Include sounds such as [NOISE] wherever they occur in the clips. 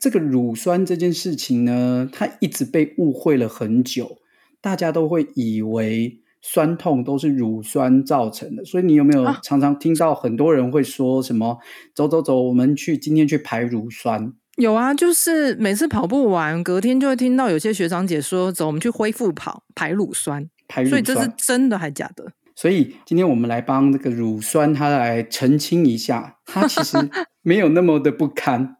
這個乳酸這件事情呢，它一直被誤會了很久，大家都會以為酸痛都是乳酸造成的。所以你有沒有常常聽到很多人會說什麼“啊、走走走，我們去今天去排乳酸”？有啊，就是每次跑步完，隔天就會聽到有些學長姐說：“走，我們去恢復跑排乳酸。”排乳酸，乳酸，所以這是真的還是假的？所以今天我們來幫這個乳酸它來澄清一下，它其實沒有那麼的不堪。 [LAUGHS]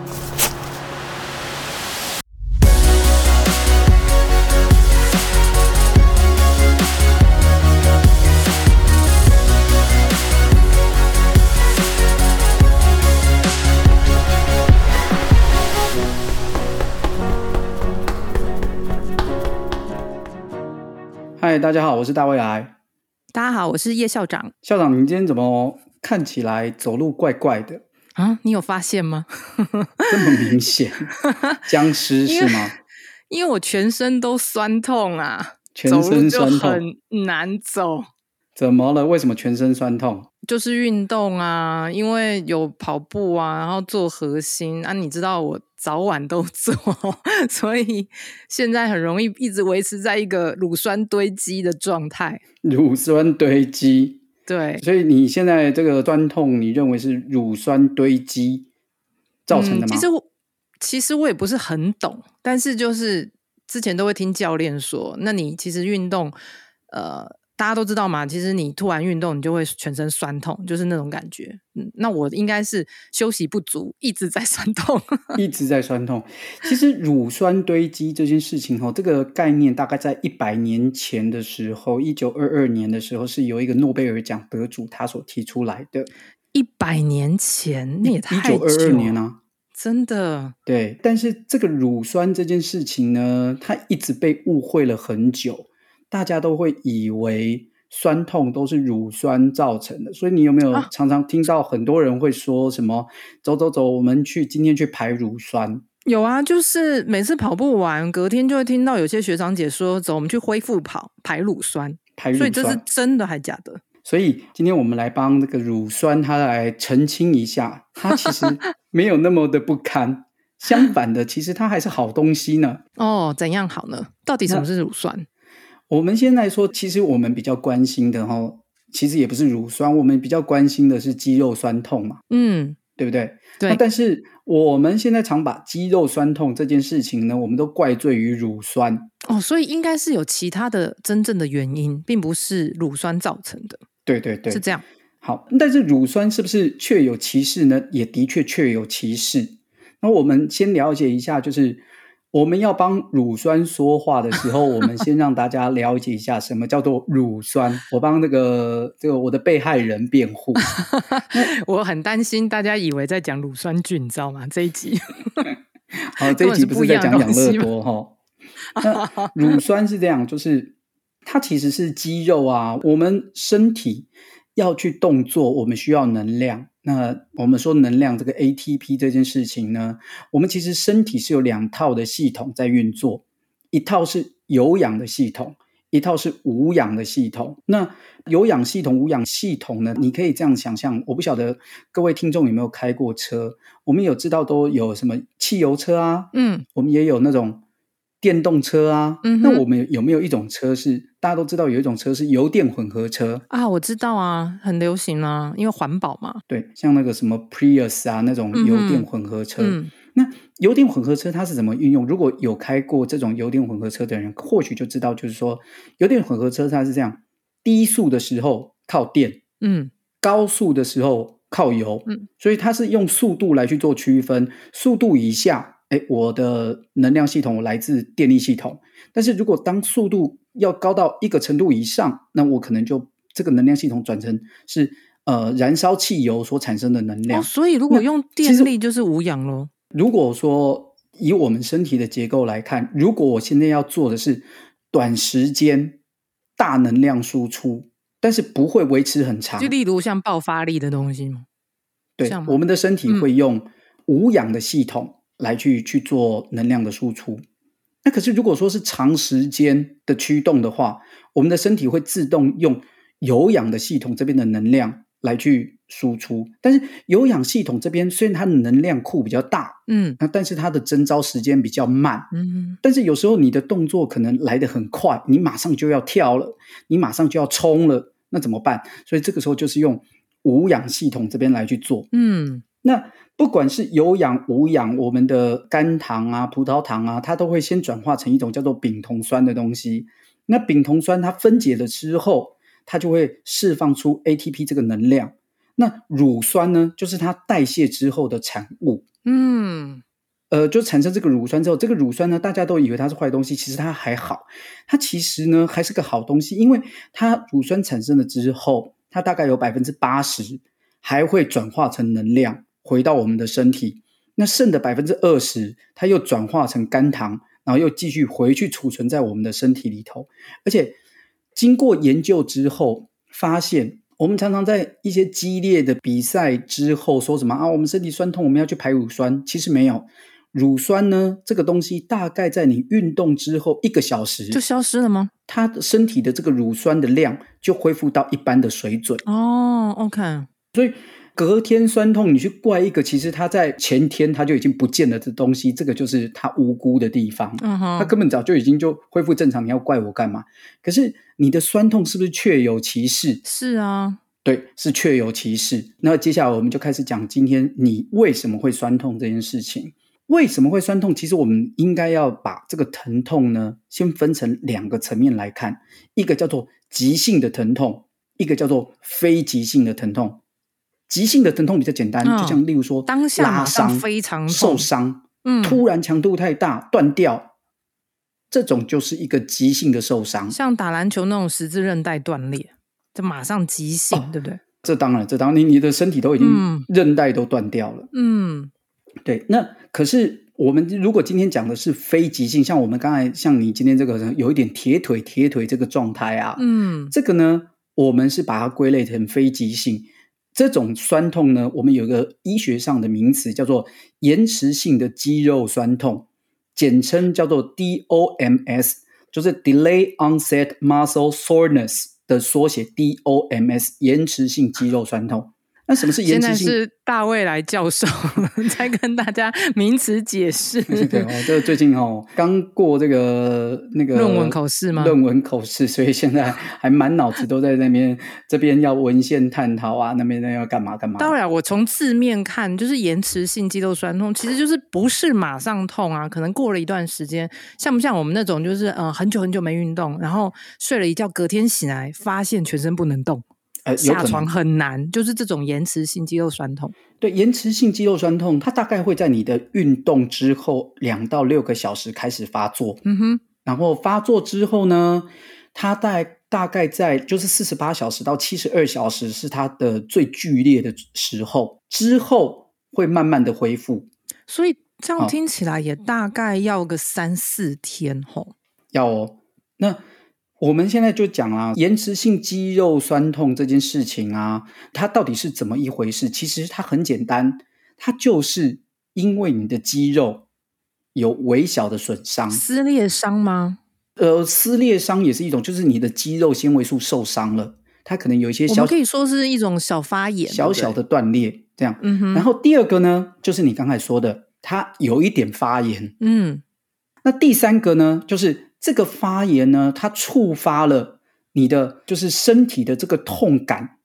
嗨，大家好，我是大胃癌。大家好，我是葉校長。校長，你今天怎麼看起來走路怪怪的啊？你有發現嗎？ [LAUGHS] 這麼明顯， [LAUGHS] 僵屍為是嗎？因為我全身都酸痛啊，走路就很難走。怎麼了？為什麼全身酸痛？就是運動啊，因為有跑步啊，然後做核心啊。你知道我。早晚都做，所以現在很容易一直維持在一個乳酸堆積的狀態。乳酸堆積，對，所以你現在這個痠痛，你認為是乳酸堆積造成的嗎？嗯，其實，其實我也不是很懂，但是就是之前都會聽教練說，那你其實運動，呃。大家都知道嘛，其實你突然運動，你就會全身痠痛，就是那種感覺。嗯，那我應該是休息不足，一直在痠痛， [LAUGHS] 一直在痠痛。其實乳酸堆積這件事情，哈， [LAUGHS] 這個概念大概在一百年前的時候，一九二二年的時候，是由一個諾貝爾獎得主他所提出來的。一百年前，那也太久。一九二二年啊，真的對。但是這個乳酸這件事情呢，它一直被誤會了很久。大家都會以為痠痛都是乳酸造成的，所以你有沒有常常聽到很多人會說什麼“啊、走走走，我們去今天去排乳酸”？有啊，就是每次跑步完，隔天就會聽到有些學長姐說：“走，我們去恢復跑，排乳酸，排乳酸。”所以這是真的還是假的？所以今天我們來幫那個乳酸，它來澄清一下，它其實沒有那麼的不堪， [LAUGHS] 相反的，其實它還是好東西呢。哦，怎樣好呢？到底什麼是乳酸？我們現在說，其實我們比較關心的哈，其實也不是乳酸，我們比較關心的是肌肉酸痛嘛，嗯，對不對？對。但是我們現在常把肌肉酸痛這件事情呢，我們都怪罪於乳酸。哦，所以應該是有其他的真正的原因，並不是乳酸造成的。對對對，是這樣。好，但是乳酸是不是確有其事呢？也的確確有其事。那我們先了解一下，就是。我們要幫乳酸說話的時候， [LAUGHS] 我們先讓大家了解一下什麼叫做乳酸。我幫那個這個我的被害人辯護， [LAUGHS] 我很擔心大家以為在講乳酸菌，你知道嗎？這一集， [LAUGHS] 好，這一集不是在講養樂多哈、 [LAUGHS] 喔。那乳酸是這樣，就是它其實是肌肉啊，我們身體要去動作，我們需要能量。那我們說能量這個 ATP 這件事情呢，我們其實身體是有兩套的系統在運作，一套是有氧的系統，一套是無氧的系統。那有氧系統、無氧系統呢？你可以這樣想象，我不曉得各位聽眾有沒有開過車，我們有知道都有什麼汽油車啊，嗯，我們也有那種。電動車啊，嗯、哼那我們有沒有一種車是大家都知道有一種車是油電混合車啊？我知道啊，很流行啊，因為環保嘛。對，像那個什麼 Prius 啊，那種油電混合車。嗯嗯、那油電混合車它是怎麼運用？如果有開過這種油電混合車的人，或許就知道，就是說油電混合車它是這樣：低速的時候靠電，嗯，高速的時候靠油，嗯，所以它是用速度來去做區分，速度以下。哎，我的能量系統，我來自電力系統，但是如果當速度要高到一個程度以上，那我可能就這個能量系統轉成是呃燃燒汽油所產生的能量。哦，所以如果用電力就是無氧嘍？如果說以我們身體的結構來看，如果我現在要做的是短時間大能量輸出，但是不會維持很長，就例如像爆發力的東西嗎？對，像嗎？我們的身體會用無氧的系統。嗯來去去做能量的輸出，那可是如果說是長時間的驅動的話，我們的身體會自動用有氧的系統這邊的能量來去輸出。但是有氧系統這邊雖然它的能量庫比較大，嗯，但是它的徵召時間比較慢，嗯哼，但是有時候你的動作可能來得很快，你馬上就要跳了，你馬上就要衝了，那怎麼辦？所以這個時候就是用無氧系統這邊來去做，嗯。那不管是有氧無氧，我們的肝糖啊、葡萄糖啊，它都會先轉化成一種叫做丙酮酸的東西。那丙酮酸它分解了之後，它就會釋放出 ATP 這個能量。那乳酸呢，就是它代謝之後的產物。嗯，呃，就產生這個乳酸之後，這個乳酸呢，大家都以為它是壞東西，其實它還好，它其實呢還是個好東西，因為它乳酸產生了之後，它大概有百分之八十還會轉化成能量。回到我們的身體，那剩的百分之二十，它又轉化成肝糖，然後又繼續回去儲存在我們的身體裡頭。而且，經過研究之後，發現我們常常在一些激烈的比賽之後，說什麼啊，我們身體酸痛，我們要去排乳酸。其實沒有。乳酸呢，這個東西大概在你運動之後一個小時就消失了嗎？它的身體的這個乳酸的量就恢復到一般的水準哦。Oh, OK，所以。隔天酸痛，你去怪一個，其實他在前天他就已經不見了的東西，這個就是他無辜的地方。嗯哼、uh，huh. 他根本早就已經就恢復正常，你要怪我幹嘛？可是你的酸痛是不是確有其事？是啊，對，是確有其事。那接下來我們就開始講今天你為什麼會酸痛這件事情。為什麼會酸痛？其實我們應該要把這個疼痛呢，先分成兩個層面來看，一個叫做急性的疼痛，一個叫做非急性的疼痛。急性的疼痛比較簡單，哦、就像例如說當下馬上，非常受傷，嗯、突然強度太大斷掉，這種就是一個急性的受傷。像打籃球那種十字韌帶斷裂，這馬上急性，哦、對不對？這當然，這當然，你你的身體都已經韌帶都斷掉了。嗯，對。那可是我們如果今天講的是非急性，像我們剛才像你今天這個人有一點鐵腿，鐵腿這個狀態啊，嗯，這個呢，我們是把它歸類成非急性。這種酸痛呢，我們有一個醫學上的名詞叫做延遲性的肌肉酸痛，簡稱叫做 DOMS，就是 Delayed Onset Muscle Soreness 的縮寫，DOMS 延遲性肌肉酸痛。那什麼是延遲性？現在是大衛來教授在 [LAUGHS] 跟大家名詞解釋。 [LAUGHS] 對，就是最近哦，剛過這個那個論文口試嗎？論文口試，所以現在還滿腦子都在那邊 [LAUGHS] 這邊要文獻探討啊，那邊那要幹嘛幹嘛？當然，我從字面看，就是延遲性肌肉痠痛，其實就是不是馬上痛啊，可能過了一段時間，像不像我們那種就是嗯、呃，很久很久沒運動，然後睡了一覺，隔天醒來發現全身不能動。呃，下床很難，就是這種延遲性肌肉酸痛。對，延遲性肌肉酸痛，它大概會在你的運動之後兩到六個小時開始發作。嗯哼，然後發作之後呢，它在大概在就是四十八小時到七十二小時是它的最劇烈的時候，之後會慢慢的恢復。所以這樣聽起來也大概要個三四天吼、哦哦。要、哦、那。我們現在就講了、啊、延遲性肌肉痠痛這件事情啊，它到底是怎麼一回事？其實它很簡單，它就是因為你的肌肉有微小的損傷，撕裂傷嗎？呃，撕裂傷也是一種，就是你的肌肉纖維素受傷了，它可能有一些小，可以說是一種小發炎，小小的斷裂這樣。嗯，然後第二個呢，就是你剛才說的，它有一點發炎。嗯。那第三個呢，就是。這個發炎呢，它觸發了你的就是身體的這個痛感，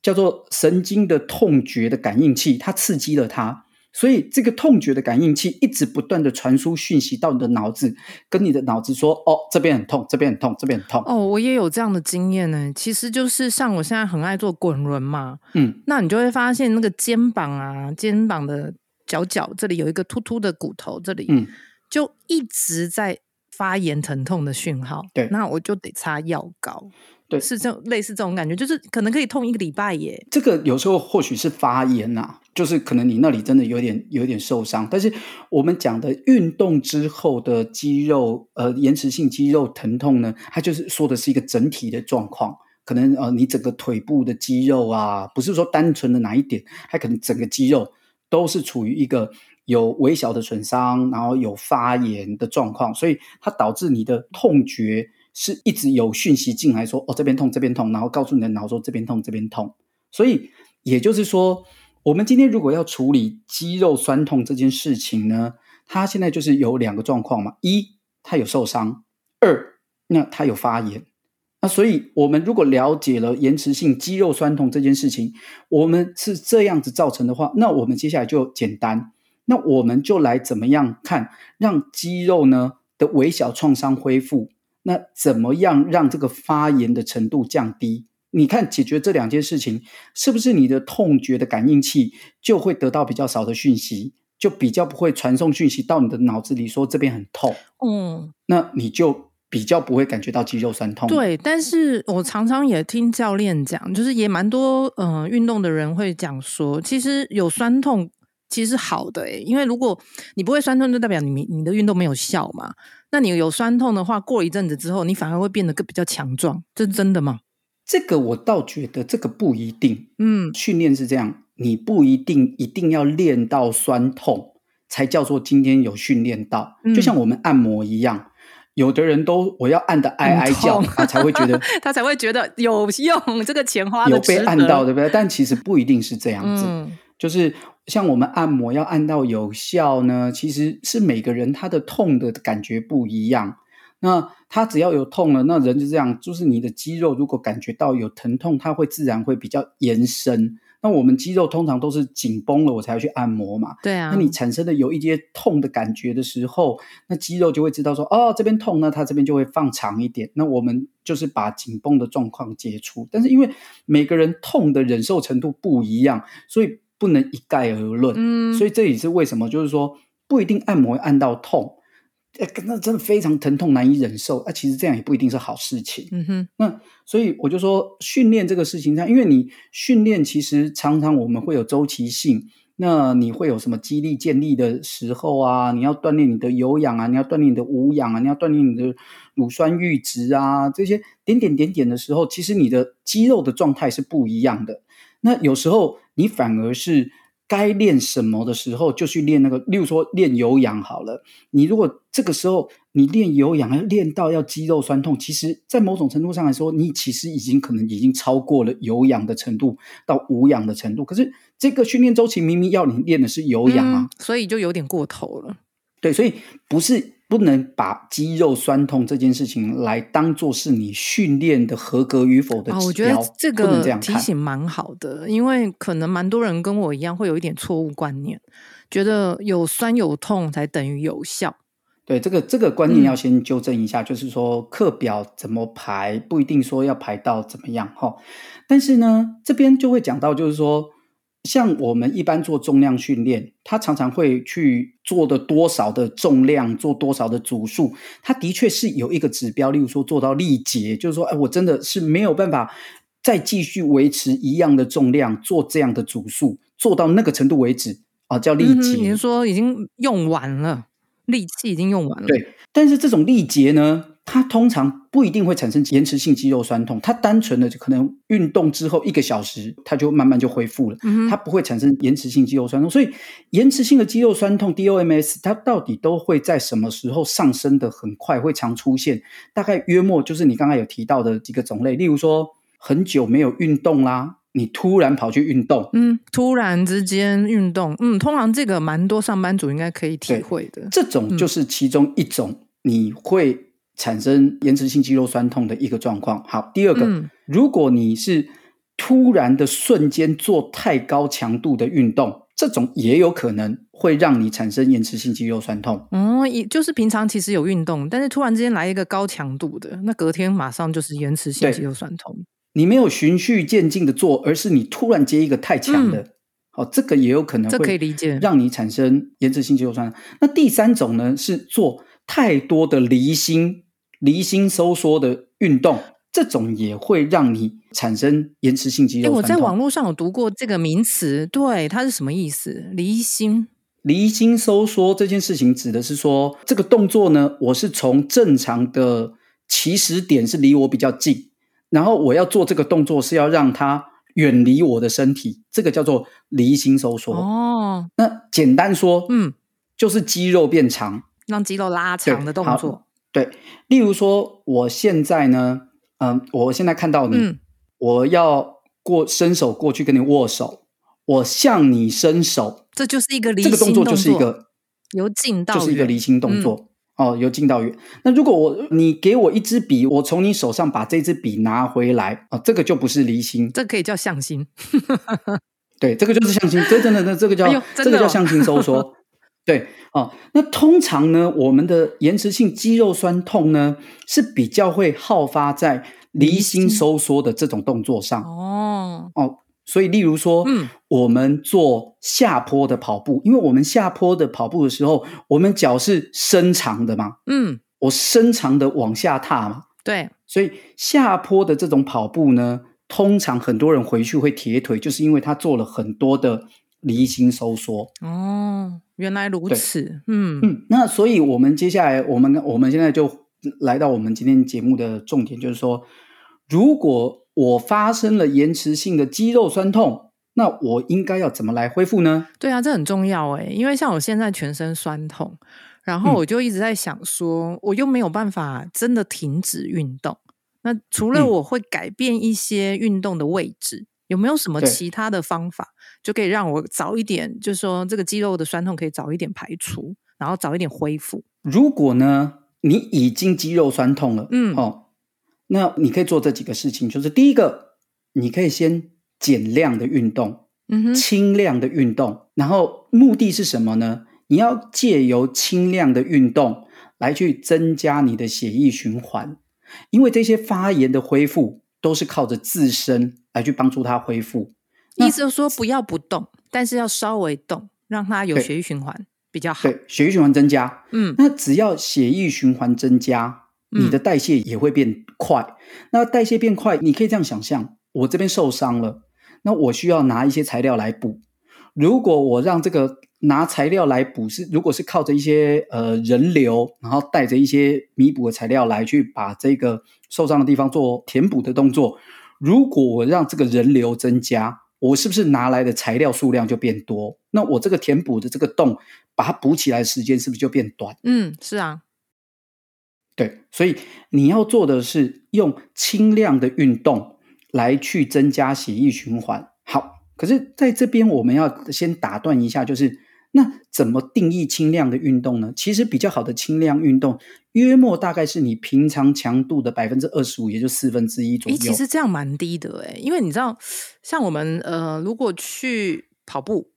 叫做神經的痛覺的感應器，它刺激了它，所以這個痛覺的感應器一直不斷的傳輸訊息到你的腦子，跟你的腦子說：“哦，這邊很痛，這邊很痛，這邊很痛。”哦，我也有這樣的經驗呢、欸。其實就是像我現在很愛做滾輪嘛，嗯，那你就會發現那個肩膀啊，肩膀的角角這裡有一個凸凸的骨頭，這裡嗯，就一直在。發炎疼痛的訊號，對，那我就得擦藥膏。對，是這種類似這種感覺，就是可能可以痛一個禮拜耶。這個有時候或許是發炎啊，就是可能你那裡真的有點有點受傷。但是我們講的運動之後的肌肉，呃，延遲性肌肉疼痛呢，它就是說的是一個整體的狀況，可能呃，你整個腿部的肌肉啊，不是說單純的哪一點，它可能整個肌肉都是處於一個。有微小的損傷，然後有發炎的狀況，所以它導致你的痛覺是一直有訊息進來說，哦，這邊痛，這邊痛，然後告訴你的腦說，這邊痛，這邊痛。所以也就是說，我們今天如果要處理肌肉酸痛這件事情呢，它現在就是有兩個狀況嘛：一，它有受傷；二，那它有發炎。那所以我們如果了解了延遲性肌肉酸痛這件事情，我們是這樣子造成的話，那我們接下來就簡單。那我們就來怎麼樣看讓肌肉呢的微小創傷恢復？那怎麼樣讓這個發炎的程度降低？你看，解決這兩件事情，是不是你的痛覺的感應器就會得到比較少的訊息，就比較不會傳送訊息到你的腦子裡說這邊很痛？嗯，那你就比較不會感覺到肌肉酸痛。對，但是我常常也聽教練講，就是也蠻多嗯、呃、運動的人會講說，其實有酸痛。其實好的，欸，因為如果你不會痠痛，就代表你你的運動沒有效嘛。那你有痠痛的話，過一陣子之後，你反而會變得更比較強壯，這是真的嗎？這個我倒覺得這個不一定。嗯，訓練是這樣，你不一定一定要練到痠痛才叫做今天有訓練到。嗯，就像我們按摩一樣，有的人都我要按得哀哀叫，嗯、痛他才會覺得 [LAUGHS] 他才會覺得有用，這個錢花有被按到對不對？但其實不一定是這樣子。嗯就是像我們按摩要按到有效呢，其實是每個人他的痛的感覺不一樣。那他只要有痛了，那人就這樣，就是你的肌肉如果感覺到有疼痛，它會自然會比較延伸。那我們肌肉通常都是緊繃了，我才要去按摩嘛。對啊。那你產生的有一些痛的感覺的時候，那肌肉就會知道說，哦，這邊痛呢，那它這邊就會放長一點。那我們就是把緊繃的狀況解除。但是因為每個人痛的忍受程度不一樣，所以。不能一概而論，嗯，所以這也是為什麼，就是說不一定按摩按到痛，哎、欸，那真的非常疼痛難以忍受，啊，其實這樣也不一定是好事情，嗯哼，那所以我就說訓練這個事情上，因為你訓練其實常常我們會有周期性，那你會有什麼肌力建立的時候啊，你要鍛鍊你的有氧啊，你要鍛鍊你的無氧啊，你要鍛鍊你的乳酸閾值啊，啊，這些點點點點的時候，其實你的肌肉的狀態是不一樣的，那有時候。你反而是該練什麼的時候就去練那個，例如說練有氧好了。你如果這個時候你練有氧，要練到要肌肉痠痛，其實，在某種程度上來說，你其實已經可能已經超過了有氧的程度到無氧的程度。可是這個訓練周期明明要你練的是有氧啊，嗯，所以就有點過頭了。對，所以不是，不能把肌肉痠痛這件事情來當做是你訓練的合格與否的指標。哦，我覺得這個提醒蠻好的，因為可能蠻多人跟我一樣會有一點錯誤觀念，覺得有痠有痛才等於有效。對，這個這個觀念要先糾正一下，嗯、就是說課表怎麼排不一定說要排到怎麼樣哈。但是呢，這邊就會講到，就是說。像我們一般做重量訓練，他常常會去做的多少的重量，做多少的組數，他的確是有一個指標，例如說做到力竭，就是說，哎，我真的是沒有辦法再繼續維持一樣的重量做這樣的組數，做到那個程度為止啊，叫力竭。你、嗯、說已經用完了，力氣已經用完了。對，但是這種力竭呢？它通常不一定會產生延遲性肌肉痠痛，它單純的就可能運動之後一個小時，它就慢慢就恢復了，嗯、哼它不會產生延遲性肌肉痠痛。所以延遲性的肌肉痠痛 （DOMS） 它到底都會在什麼時候上升的很快？會常出現？大概約莫就是你剛剛有提到的幾個種類，例如說很久沒有運動啦，你突然跑去運動，嗯，突然之間運動，嗯，通常這個蠻多上班族應該可以體會的。這種就是其中一種你會。產生延遲性肌肉痠痛的一個狀況。好，第二個，嗯、如果你是突然的瞬間做太高強度的運動，這種也有可能會讓你產生延遲性肌肉痠痛。嗯，也就是平常其實有運動，但是突然之間來一個高強度的，那隔天馬上就是延遲性肌肉痠痛。你沒有循序漸進的做，而是你突然接一個太強的，嗯、好，這個也有可能，會，這可以理解，讓你產生延遲性肌肉痠痛。那第三種呢，是做。太多的離心離心收縮的運動，這種也會讓你產生延遲性肌肉痠痛。欸。我在網絡上有讀過這個名詞，對，它是什麼意思？離心離心收縮這件事情指的是說，這個動作呢，我是從正常的起始點是離我比較近，然後我要做這個動作是要讓它遠離我的身體，這個叫做離心收縮。哦，那簡單說，嗯，就是肌肉變長。讓肌肉拉長的動作，對，對，例如說，我現在呢，嗯，我現在看到你，嗯、我要過伸手過去跟你握手，我向你伸手，這就是一個離這個動作，就是一個由近到，就是一個離心動作，哦，由近到遠。那如果我你給我一支筆，我從你手上把這支筆拿回來，啊、哦，這個就不是離心，這可以叫向心。 [LAUGHS] 對，這個就是向心，這真的，這個叫、哎哦、這個叫向心收縮。對哦，那通常呢，我們的延遲性肌肉痠痛呢是比較會好發在離心收縮的這種動作上，嗯，哦哦，所以例如說，嗯，我們做下坡的跑步，因為我們下坡的跑步的時候，我們腳是伸長的嘛，嗯，我伸長的往下踏嘛，對，所以下坡的這種跑步呢，通常很多人回去會鐵腿，就是因為他做了很多的離心收縮哦。原來如此，對嗯嗯，那所以我們接下來，我們我們現在就來到我們今天節目的重點，就是說，如果我發生了延遲性的肌肉痠痛，那我應該要怎麼來恢復呢？對啊，這很重要哎、欸，因為像我現在全身痠痛，然後我就一直在想說，嗯、我又沒有辦法真的停止運動，那除了我會改變一些運動的位置，嗯、有沒有什麼其他的方法？就可以讓我早一點，就是說這個肌肉的痠痛可以早一點排除，然後早一點恢復。如果呢，你已經肌肉痠痛了，嗯，哦，那你可以做這幾個事情，就是第一個，你可以先減量的運動，嗯哼，輕量的運動。嗯、哼然後目的是什麼呢？你要借由輕量的運動來去增加你的血液循環，因為這些發炎的恢復都是靠着自身來去幫助它恢復。那意思是說不要不動，但是要稍微動，讓它有血液循環對比較好。對，血液循環增加，嗯，那只要血液循環增加，你的代謝也會變快。嗯，那代謝變快，你可以這樣想象：我這邊受傷了，那我需要拿一些材料來補。如果我讓這個拿材料來補是，如果是靠着一些呃人流，然後帶着一些彌補的材料來去把這個受傷的地方做填補的動作，如果我讓這個人流增加。我是不是拿來的材料數量就變多？那我這個填補的這個洞，把它補起來時間是不是就變短？嗯，是啊，對。所以你要做的是用輕量的運動來去增加血液循環。好，可是在這邊我們要先打斷一下，就是。那怎麼定義輕量的運動呢？其實比較好的輕量運動，約莫大概是你平常強度的百分之二十五，也就四分之一左右。其實這樣蠻低的、欸、因為你知道，像我們呃，如果去跑步，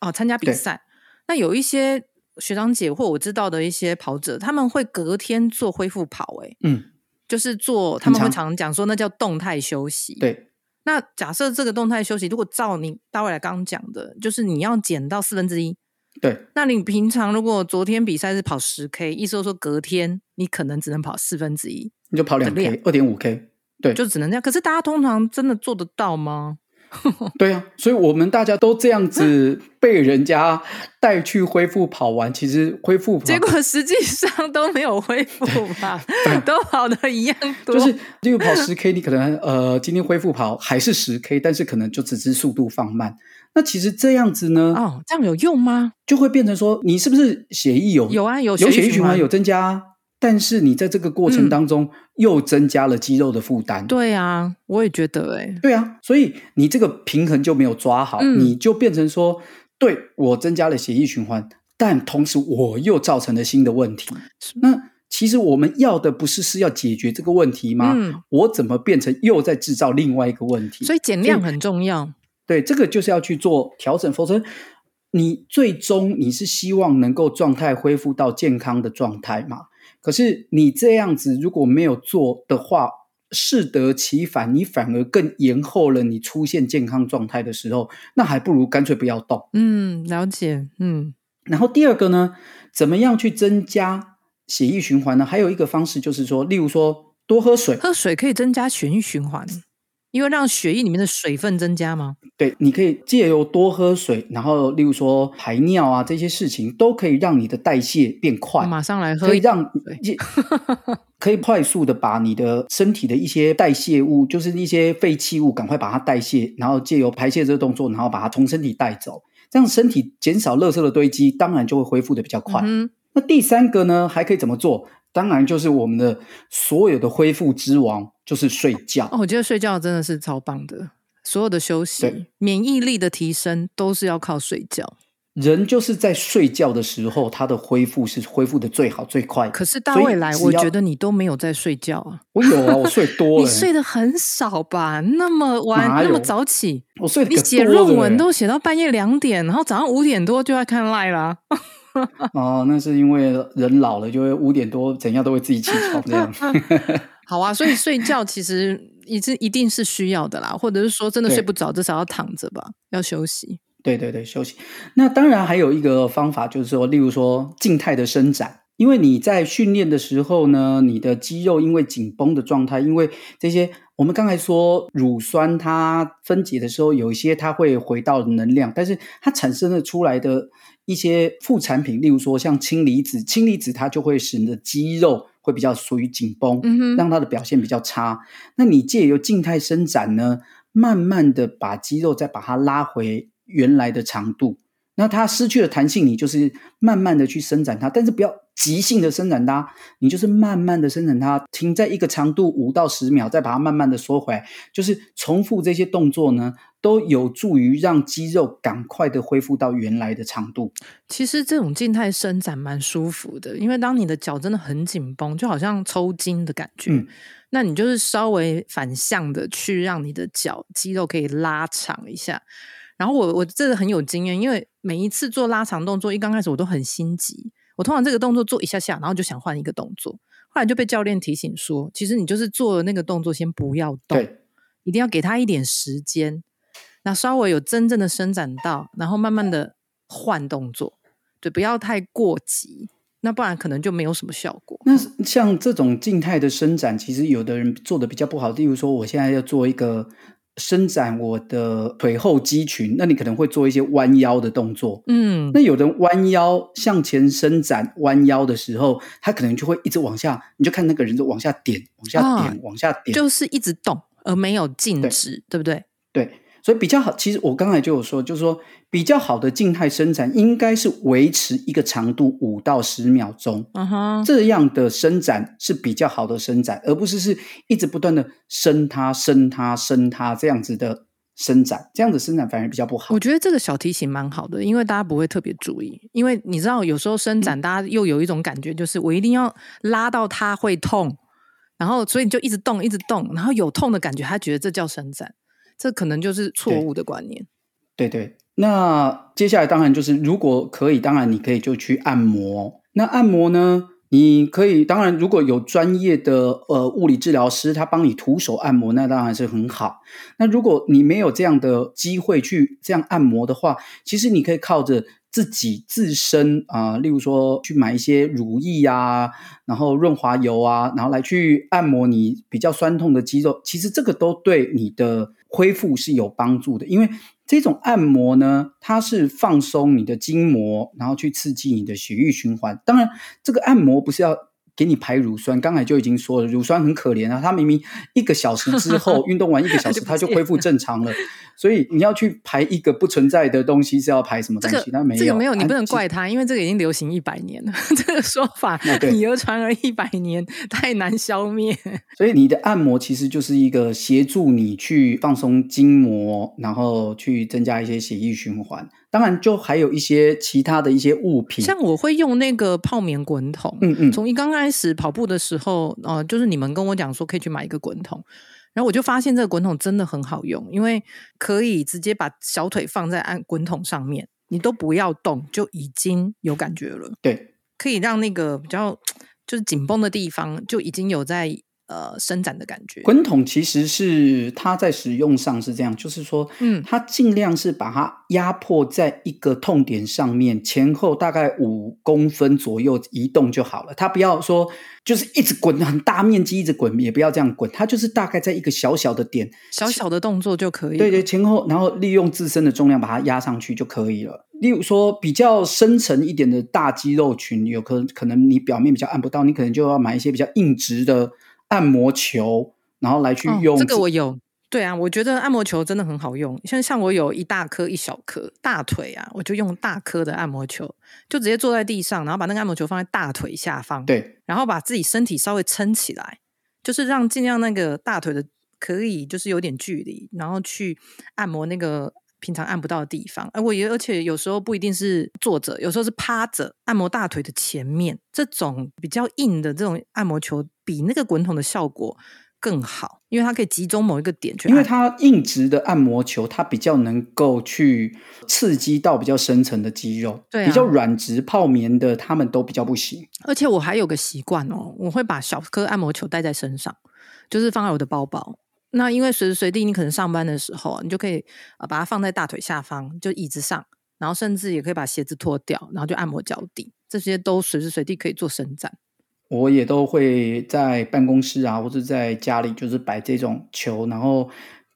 啊、參加比賽，對那有一些學長姐或我知道的一些跑者，他們會隔天做恢復跑、欸，哎，嗯，就是做，常他們會常講說那叫動態休息，對。那假設這個動態休息，如果照你大衛來剛講的，就是你要減到四分之一，對。那你平常如果昨天比賽是跑十 k，意思說隔天你可能只能跑四分之一，你就跑兩 k，二點五 k，對，就只能這樣。可是大家通常真的做得到嗎？ [LAUGHS] 對啊，所以我們大家都這樣子被人家帶去恢復跑完，其實恢復跑結果實際上都沒有恢復吧，對對都跑得一樣多。就是，例如跑十 k，你可能呃今天恢復跑還是十 k，但是可能就只是速度放慢。那其實這樣子呢，哦，這樣有用嗎？就會變成說，你是不是血液有有啊有有血液循環有增加？但是你在這個過程當中，嗯、又增加了肌肉的負擔，對啊，我也覺得誒、欸，對啊，所以你這個平衡就沒有抓好。嗯，你就變成說，對我增加了血液循環，但同時我又造成了新的問題。那其實我們要的不是是要解決這個問題嗎嗯，我怎麼變成又在制造另外一個問題？所以減量很重要，對，這個就是要去做調整，否則你最終你是希望能夠狀態恢復到健康的狀態嘛？可是你這樣子如果沒有做的話，適得其反，你反而更延後了。你出現健康狀態的時候，那還不如乾脆不要動。嗯，了解。嗯，然後第二個呢，怎麼樣去增加血液循環呢？還有一個方式就是說，例如說多喝水，喝水可以增加血液循環。因為讓血液裡面的水分增加嗎？對，你可以借由多喝水，然後例如說排尿啊這些事情，都可以讓你的代謝變快。馬上來喝，可以讓 [LAUGHS] 一可以快速的把你的身體的一些代謝物，就是一些廢棄物，趕快把它代謝，然後借由排泄這個動作，然後把它從身體帶走，這樣身體減少垃圾的堆積，當然就會恢復的比較快。嗯、哼那第三個呢，還可以怎麼做？當然，就是我們的所有的恢復之王就是睡覺哦。我覺得睡覺真的是超棒的，所有的休息、對免疫力的提升都是要靠睡覺。人就是在睡覺的時候，他的恢復是恢復得最好最快。可是到未來，我覺得你都沒有在睡覺啊！我有啊，我睡多、欸， [LAUGHS] 你睡得很少吧？那麼晚，有那麼早起，我睡得。你寫論文都寫到半夜兩點，然後早上五點多就要看 Line 啦。 [LAUGHS] [LAUGHS] 哦，那是因為人老了，就會五點多怎樣都會自己起床這樣。 [LAUGHS] 好啊，所以睡覺其實也是一定是需要的啦，或者是說真的睡不着，至少對要躺着吧，要休息。對對對，休息。那當然還有一個方法，就是說，例如說靜態的伸展，因為你在訓練的時候呢，你的肌肉因為緊繃的狀態，因為這些我們剛才說乳酸它分解的時候，有一些它會回到能量，但是它產生的出來的。一些副產品，例如說像氫離子，氫離子它就會使你的肌肉會比較屬於緊繃，嗯哼，讓它的表現比較差。那你借由靜態伸展呢，慢慢的把肌肉再把它拉回原來的長度，那它失去了彈性，你就是慢慢的去伸展它，但是不要。急性的伸展它，你就是慢慢的伸展它，停在一個長度五到十秒，再把它慢慢的縮回來，就是重複這些動作呢，都有助於讓肌肉趕快的恢復到原來的長度。其實這種靜態伸展蠻舒服的，因為當你的腳真的很緊繃，就好像抽筋的感覺，嗯，那你就是稍微反向的去讓你的腳肌肉可以拉長一下。然後我我這個很有經驗，因為每一次做拉長動作，一剛開始我都很心急。我通常這個動作做一下下，然後就想換一個動作，後來就被教練提醒說，其實你就是做了那個動作，先不要動，對，一定要給他一點時間，那稍微有真正的伸展到，然後慢慢的換動作，對，不要太過急，那不然可能就沒有什麼效果。那像這種靜態的伸展，其實有的人做的比較不好，例如說我現在要做一個。伸展我的腿後肌群，那你可能會做一些彎腰的動作。嗯，那有人彎腰向前伸展，彎腰的時候，他可能就會一直往下，你就看那個人就往下點，往下點，哦、往下點，就是一直動而沒有靜止，對，對不對？對。所以比較好，其實我剛才就有說，就是說比較好的靜態伸展應該是維持一個長度五到十秒鐘，uh huh。這樣的伸展是比較好的伸展，而不是是一直不斷的伸它伸它伸它這樣子的伸展，這樣子伸展反而比較不好。我覺得這個小提醒蠻好的，因為大家不會特別注意，因為你知道有時候伸展，大家又有一種感覺，就是我一定要拉到它會痛，然後所以你就一直動一直動，然後有痛的感覺，他覺得這叫伸展。這可能就是錯誤的觀念，對，對對，那接下來當然就是，如果可以，當然你可以就去按摩。那按摩呢？你可以，當然如果有專業的呃物理治療師，他幫你徒手按摩，那當然是很好。那如果你沒有這樣的機會去這樣按摩的話，其實你可以靠着。自己自身啊，呃，例如說去買一些乳液啊，然後潤滑油啊，然後來去按摩你比較痠痛的肌肉，其實這個都對你的恢復是有幫助的，因為這種按摩呢，它是放鬆你的筋膜，然後去刺激你的血液循環。當然，這個按摩不是要。給你排乳酸，剛才就已經說了，乳酸很可憐啊。他明明一個小時之後呵呵運動完一個小時，他呵就恢復正常了。了所以你要去排一個不存在的東西是要排什麼東西？這個沒有，這個沒有，你不能怪他，啊、因為這個已經流行一百年了。啊、這個說法，以訛對傳訛一百年，太難消滅。所以你的按摩其實就是一個協助你去放鬆筋膜，然後去增加一些血液循環。當然，就還有一些其他的一些物品，像我會用那個泡棉滾筒。嗯嗯，從一剛開始跑步的時候，呃，就是你們跟我講說可以去買一個滾筒，然後我就發現這個滾筒真的很好用，因為可以直接把小腿放在按滾筒上面，你都不要動就已經有感覺了。對，可以讓那個比較就是緊繃的地方就已經有在呃，伸展的感覺。滾筒其實是它在使用上是這樣，就是說，嗯，它盡量是把它壓迫在一個痛點上面，前後大概五公分左右移動就好了。它不要說就是一直滾很大面積，一直滾，也不要這樣滾，它就是大概在一個小小的點，小小的動作就可以。對對，前後，然後利用自身的重量把它壓上去就可以了。例如說，比較深層一點的大肌肉群，有可能可能你表面比較按不到，你可能就要買一些比較硬直的。按摩球，然後來去用。哦，這個我有。對啊，我覺得按摩球真的很好用。像像我有一大顆一小顆，大腿啊，我就用大顆的按摩球，就直接坐在地上，然後把那個按摩球放在大腿下方，對，然後把自己身體稍微撐起來，就是讓盡量那個大腿的可以就是有點距離，然後去按摩那個。平常按不到的地方，哎，我也而且有時候不一定是坐着，有時候是趴着按摩大腿的前面，這種比較硬的這種按摩球比那個滾筒的效果更好，因為它可以集中某一個點去。因為它硬直的按摩球，它比較能夠去刺激到比較深層的肌肉，對啊，比較軟直泡棉的，它們都比較不行。而且我還有個習慣哦，我會把小顆按摩球帶在身上，就是放在我的包包。那因為隨時隨地你可能上班的時候，你就可以把它放在大腿下方，就椅子上，然後甚至也可以把鞋子脫掉，然後就按摩腳底，這些都隨時隨地可以做伸展。我也都會在辦公室啊，或者在家裡就是擺這種球，然後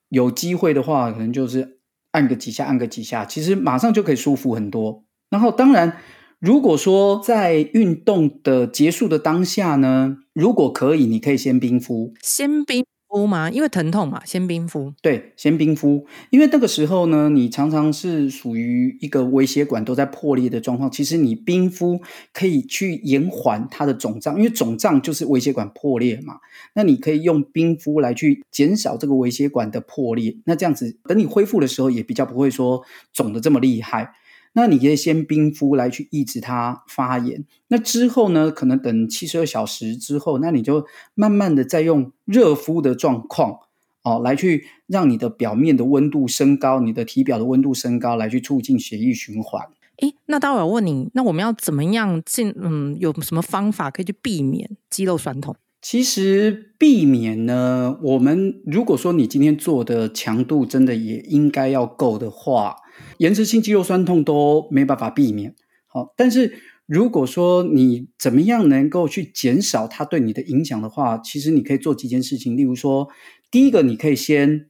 有機會的話，可能就是按個幾下，按個幾下，其實馬上就可以舒服很多。然後當然，如果說在運動的結束的當下呢，如果可以，你可以先冰敷，先冰。敷嗎？因為疼痛嘛，先冰敷。對，先冰敷，因為那個時候呢，你常常是屬於一個微血管都在破裂的狀況。其實你冰敷可以去延緩它的腫脹，因為腫脹就是微血管破裂嘛。那你可以用冰敷來去減少這個微血管的破裂。那這樣子，等你恢復的時候，也比較不會說腫得這麼厲害。那你可以先冰敷來去抑制它發炎。那之後呢？可能等七十二小時之後，那你就慢慢的再用熱敷的狀況哦，來去讓你的表面的溫度升高，你的體表的溫度升高，來去促進血液循環。哎，那待會我問你，那我們要怎麼樣進？嗯，有什麼方法可以去避免肌肉酸痛？其實避免呢，我們如果說你今天做的強度真的也應該要夠的話。延遲性肌肉痠痛都沒辦法避免，好，但是如果說你怎麼樣能夠去減少它對你的影響的話，其實你可以做幾件事情，例如說，第一個你可以先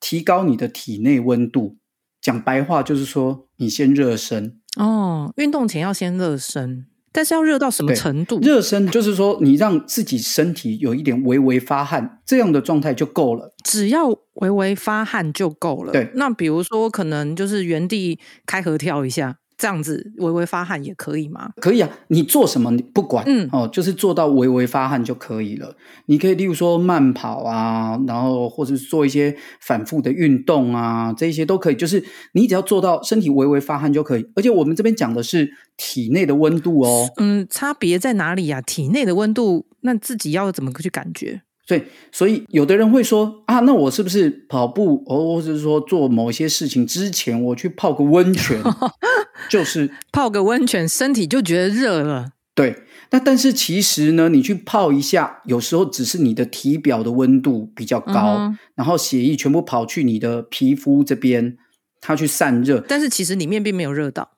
提高你的體內溫度，講白話就是說你先熱身哦，運動前要先熱身。但是要熱到什麼程度？對，熱身就是說，你讓自己身體有一點微微發汗， [LAUGHS] 這樣的狀態就夠了。只要微微發汗就夠了。對，那比如說，可能就是原地開合跳一下。這樣子微微發汗也可以嗎？可以啊，你做什麼你不管，嗯，哦，就是做到微微發汗就可以了。你可以例如說慢跑啊，然後或者是做一些反覆的運動啊，這一些都可以。就是你只要做到身體微微發汗就可以。而且我們這邊講的是體內的溫度哦。嗯，差別在哪裡呀？體內的溫度，那自己要怎麼去感覺？對，所以有的人會說啊，那我是不是跑步，哦，或者是說做某些事情之前，我去泡個溫泉， [LAUGHS] 就是泡個溫泉，身體就覺得熱了。對，那但是其實呢，你去泡一下，有時候只是你的體表的溫度比較高，嗯哼，然後血液全部跑去你的皮膚這邊，它去散熱，但是其實裡面並沒有熱到。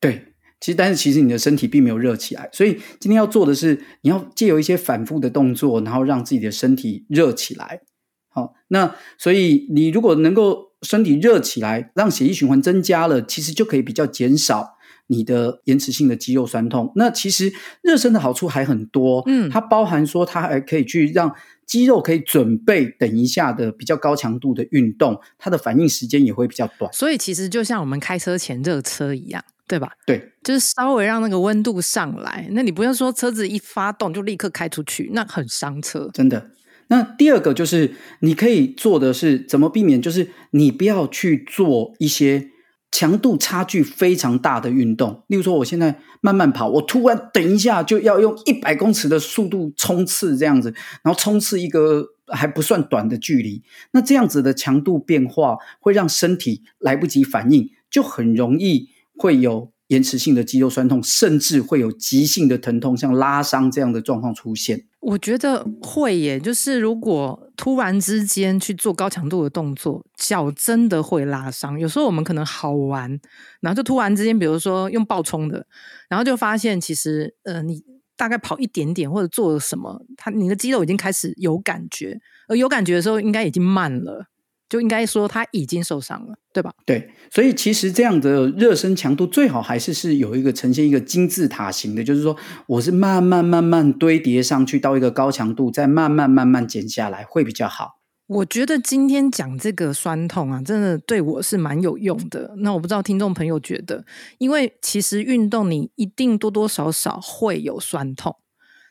對。其實，但是其實你的身體並沒有熱起來，所以今天要做的是，你要借由一些反覆的動作，然後讓自己的身體熱起來。好，那所以你如果能夠身體熱起來，讓血液循環增加了，其實就可以比較減少你的延遲性的肌肉痠痛。那其實熱身的好處還很多，嗯，它包含說它還可以去讓肌肉可以準備等一下的比較高強度的運動，它的反應時間也會比較短。所以其實就像我們開車前熱車一樣。對吧？對，就是稍微讓那個溫度上來。那你不要說車子一發動就立刻開出去，那很傷車。真的。那第二個就是，你可以做的是怎麼避免，就是你不要去做一些強度差距非常大的運動。例如說，我現在慢慢跑，我突然等一下就要用一百公尺的速度衝刺這樣子，然後衝刺一個還不算短的距離。那這樣子的強度變化會讓身體來不及反應，就很容易。會有延遲性的肌肉酸痛，甚至會有急性的疼痛，像拉傷這樣的狀況出現。我覺得會耶，就是如果突然之間去做高強度的動作，腳真的會拉傷。有時候我們可能好玩，然後就突然之間，比如說用爆衝的，然後就發現其實，呃，你大概跑一點點或者做了什麼，他你的肌肉已經開始有感覺，而有感覺的時候，應該已經慢了。就應該說他已經受傷了，對吧？對，所以其實這樣的熱身強度最好還是是有一個呈現一個金字塔型的，就是說我是慢慢慢慢堆疊上去到一個高強度，再慢慢慢慢減下來會比較好。我覺得今天講這個酸痛啊，真的對我是蠻有用的。那我不知道聽眾朋友覺得，因為其實運動你一定多多少少會有酸痛，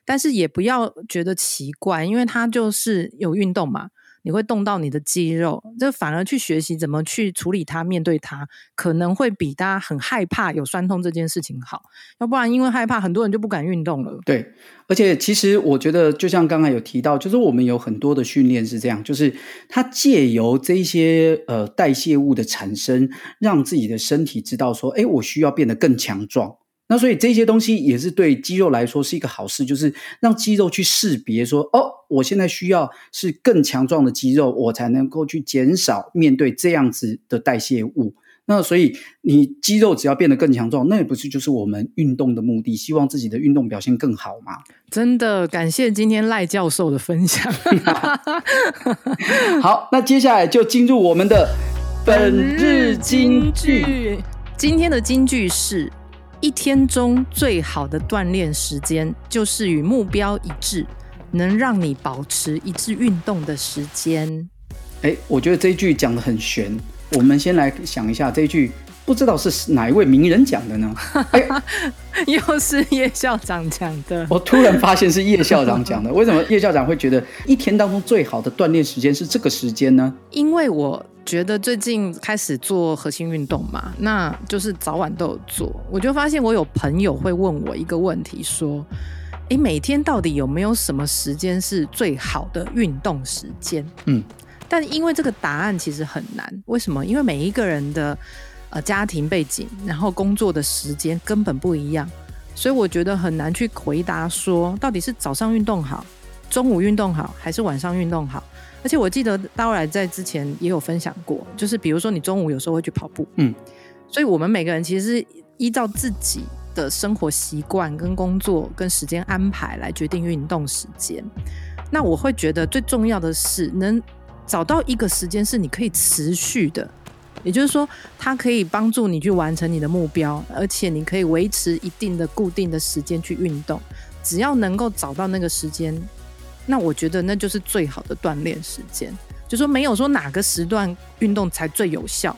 但是也不要覺得奇怪，因為它就是有運動嘛。你會動到你的肌肉，這反而去學習怎麼去處理它、面對它，可能會比大家很害怕有酸痛這件事情好。要不然因為害怕，很多人就不敢運動了。對，而且其實我覺得，就像剛才有提到，就是我們有很多的訓練是這樣，就是它藉由這些呃代謝物的產生，讓自己的身體知道說，哎，我需要變得更強壯。那所以這些東西也是對肌肉來說是一個好事，就是讓肌肉去識別說，哦，我現在需要是更強壯的肌肉，我才能夠去減少面對這樣子的代謝物。那所以你肌肉只要變得更強壯，那也不是就是我們運動的目的，希望自己的運動表現更好嗎？真的，感謝今天賴教授的分享。 [LAUGHS] [LAUGHS] 好，那接下來就進入我們的本日金句，金句今天的金句是。一天中最好的鍛煉時間，就是與目標一致，能讓你保持一致運動的時間。哎、欸，我覺得這句講得很玄，我們先來想一下這一句。不知道是哪一位名人講的呢？ [LAUGHS] 哎，又是葉校長講的。 [LAUGHS] 我突然發現是葉校長講的。為什麼葉校長會覺得一天當中最好的鍛鍊時間是這個時間呢？因為我覺得最近開始做核心運動嘛，那就是早晚都有做。我就發現我有朋友會問我一個問題，說：“哎、欸，每天到底有沒有什麼時間是最好的運動時間？”嗯，但因為這個答案其實很難。為什麼？因為每一個人的。呃，家庭背景，然後工作的時間根本不一樣，所以我覺得很難去回答說到底是早上運動好，中午運動好，還是晚上運動好。而且我記得當然來在之前也有分享過，就是比如說你中午有時候會去跑步，嗯，所以我們每個人其實是依照自己的生活習慣、跟工作、跟時間安排來決定運動時間。那我會覺得最重要的是能找到一個時間是你可以持續的。也就是說，它可以幫助你去完成你的目標，而且你可以維持一定的固定的時間去運動。只要能夠找到那個時間，那我覺得那就是最好的鍛鍊時間。就說沒有說哪個時段運動才最有效，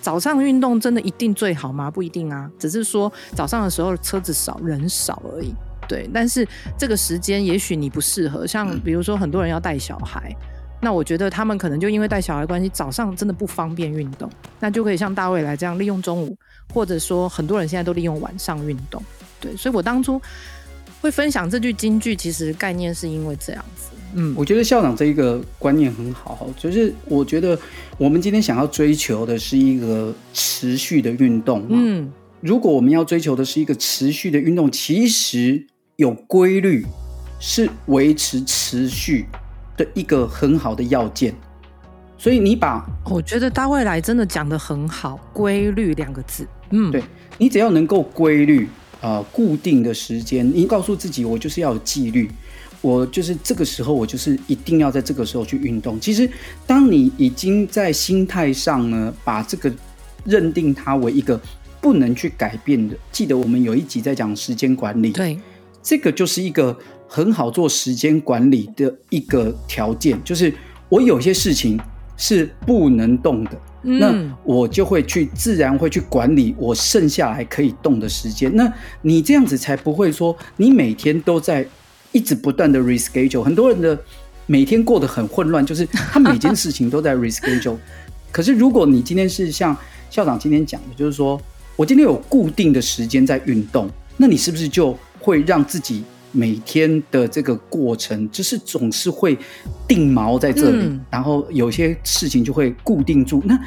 早上運動真的一定最好嗎？不一定啊，只是說早上的時候車子少、人少而已。對，但是這個時間也許你不適合，像比如說很多人要帶小孩。那我覺得他們可能就因為帶小孩關係，早上真的不方便運動，那就可以像大衛來這樣利用中午，或者說很多人現在都利用晚上運動，對，所以我當初會分享這句金句，其實概念是因為這樣子。嗯，我覺得校長這一個觀念很好，就是我覺得我們今天想要追求的是一個持續的運動。嗯，如果我們要追求的是一個持續的運動，其實有規律是維持持續。的一個很好的要件，所以你把我覺得大未來真的講得很好，規律兩個字，嗯，對，你只要能夠規律啊、呃，固定的時間，你告訴自己，我就是要有紀律，我就是這個時候，我就是一定要在這個時候去運動。其實，當你已經在心態上呢，把這個認定它為一個不能去改變的。記得我們有一集在講時間管理，對，這個就是一個。很好做時間管理的一個條件，就是我有些事情是不能動的，嗯、那我就會去自然會去管理我剩下來可以動的時間。那你這樣子才不會說你每天都在一直不斷的 reschedule。很多人的每天過得很混亂，就是他每件事情都在 reschedule。 [LAUGHS] 可是如果你今天是像校長今天講的，就是說我今天有固定的時間在運動，那你是不是就會讓自己，每天的這個過程，就是總是會定錨在這裡，嗯、然後有些事情就會固定住。那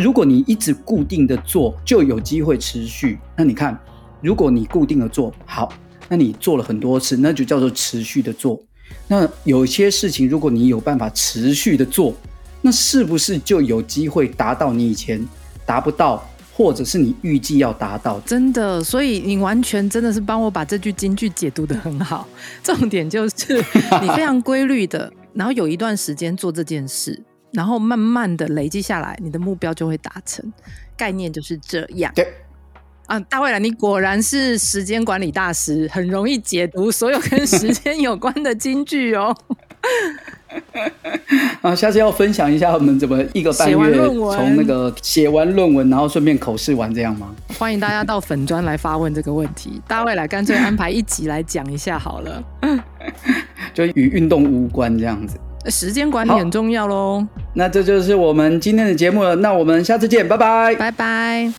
如果你一直固定的做，就有機會持續。那你看，如果你固定的做好，那你做了很多次，那就叫做持續的做。那有些事情，如果你有辦法持續的做，那是不是就有機會達到你以前達不到？或者是你預計要達到的。真的，所以你完全真的是幫我把這句金句解讀得很好。重點就是你非常規律的， [LAUGHS] 然後有一段時間做這件事，然後慢慢的累積下來，你的目標就會達成。概念就是這樣。對啊，大衛蘭，你果然是時間管理大師，很容易解讀所有跟時間有關的金句哦。 [LAUGHS] [LAUGHS] 啊，下次要分享一下我們怎麼一個半月從那個寫完論文，論文然後順便口試完這樣嗎？歡迎大家到粉專來發問這個問題， [LAUGHS] 大衛來乾脆安排一集來講一下好了， [LAUGHS] 就與運動無關這樣子，時間管理很重要嘍。那這就是我們今天的節目了，那我們下次見，拜拜，拜拜。